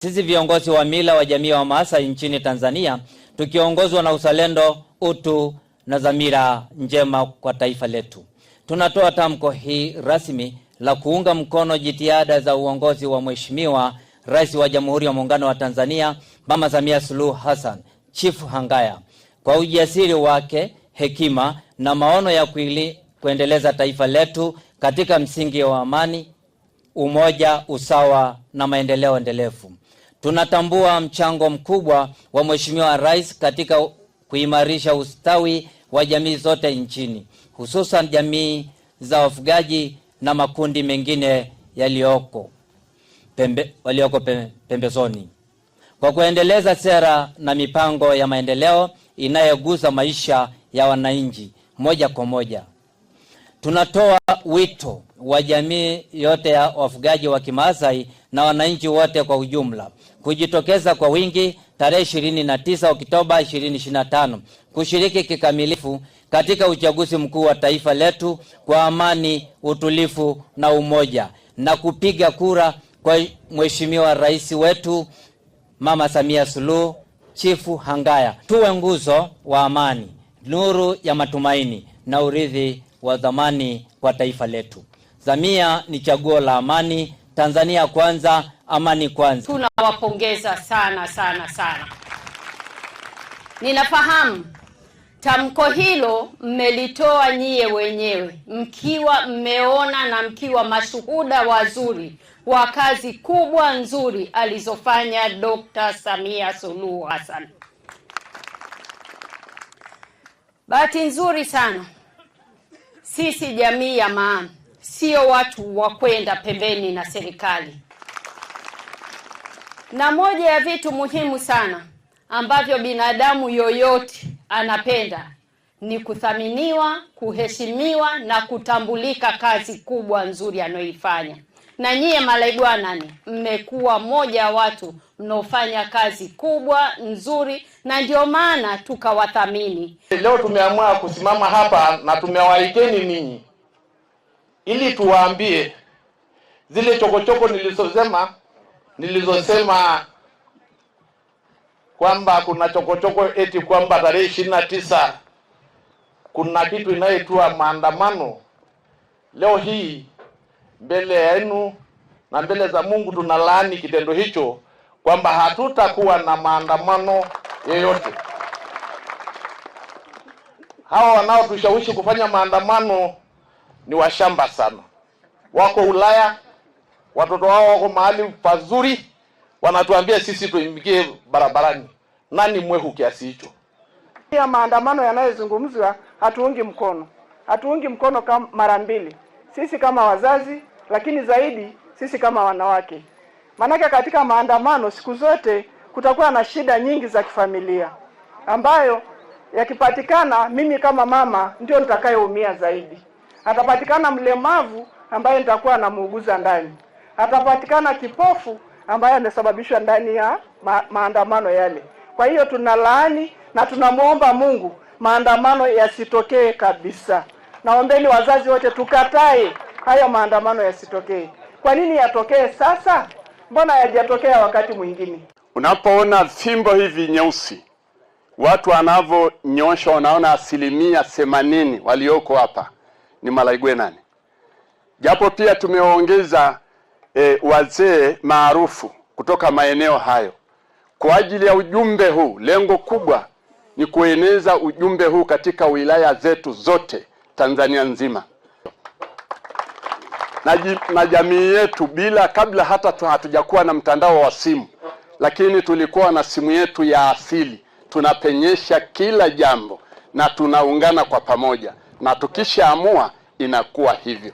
Sisi viongozi wa mila wa jamii wa Maasai nchini Tanzania tukiongozwa na uzalendo, utu na dhamira njema kwa taifa letu, tunatoa tamko hii rasmi la kuunga mkono jitihada za uongozi wa Mheshimiwa Rais wa Jamhuri ya Muungano wa Tanzania Mama Samia Suluhu Hassan Chifu Hangaya kwa ujasiri wake, hekima na maono ya kuili, kuendeleza taifa letu katika msingi wa amani, umoja, usawa na maendeleo endelevu. Tunatambua mchango mkubwa wa Mheshimiwa Rais katika kuimarisha ustawi wa jamii zote nchini, hususan jamii za wafugaji na makundi mengine yaliyoko pembe, walioko pembezoni kwa kuendeleza sera na mipango ya maendeleo inayogusa maisha ya wananchi moja kwa moja. Tunatoa wito wa jamii yote ya wafugaji wa Kimaasai na wananchi wote kwa ujumla kujitokeza kwa wingi tarehe 29 Oktoba 2025 kushiriki kikamilifu katika uchaguzi mkuu wa taifa letu kwa amani, utulifu na umoja na kupiga kura kwa Mheshimiwa Rais wetu Mama Samia Suluhu, Chifu Hangaya. Tuwe nguzo wa amani, nuru ya matumaini na urithi wa dhamani kwa taifa letu. Samia ni chaguo la amani. Tanzania kwanza, amani kwanza. Tunawapongeza sana sana sana. Ninafahamu tamko hilo mmelitoa nyie wenyewe mkiwa mmeona na mkiwa mashuhuda wazuri wa kazi kubwa nzuri alizofanya Dr. Samia Suluhu Hassan. Bahati nzuri sana sisi jamii ya maana, sio watu wa kwenda pembeni na serikali. Na moja ya vitu muhimu sana ambavyo binadamu yoyote anapenda ni kuthaminiwa, kuheshimiwa na kutambulika kazi kubwa nzuri anayoifanya na nyie malaibwanani mmekuwa moja ya watu mnaofanya kazi kubwa nzuri, na ndio maana tukawathamini. Leo tumeamua kusimama hapa na tumewaiteni ninyi ili tuwaambie zile chokochoko nilizosema nilizosema kwamba kuna chokochoko eti kwamba tarehe ishirini na tisa kuna kitu inayotua maandamano. Leo hii mbele yenu na mbele za Mungu tunalaani kitendo hicho, kwamba hatutakuwa na maandamano yoyote. Hawa wanaotushawishi kufanya maandamano ni washamba sana, wako Ulaya, watoto wao wako mahali pazuri, wanatuambia sisi tuingie barabarani. Nani mwehu kiasi hicho? Pia maandamano yanayozungumzwa hatuungi mkono, hatuungi mkono kama mara mbili sisi kama wazazi, lakini zaidi sisi kama wanawake, maanake katika maandamano siku zote kutakuwa na shida nyingi za kifamilia ambayo yakipatikana, mimi kama mama ndio nitakayeumia zaidi. Atapatikana mlemavu ambaye nitakuwa anamuuguza ndani, atapatikana kipofu ambaye amesababishwa ndani ya ma maandamano yale. Kwa hiyo tunalaani na tunamwomba Mungu maandamano yasitokee kabisa. Naombeni wazazi wote tukatae haya maandamano yasitokee. Kwa nini yatokee sasa? Mbona hayajatokea wakati mwingine? Unapoona fimbo hivi nyeusi watu wanavyonyosha, wanaona asilimia themanini walioko hapa ni Malaigwenani, japo pia tumewaongeza e, wazee maarufu kutoka maeneo hayo kwa ajili ya ujumbe huu. Lengo kubwa ni kueneza ujumbe huu katika wilaya zetu zote. Tanzania nzima na, na jamii yetu bila, kabla hata hatujakuwa na mtandao wa simu, lakini tulikuwa na simu yetu ya asili, tunapenyesha kila jambo na tunaungana kwa pamoja, na tukishaamua inakuwa hivyo.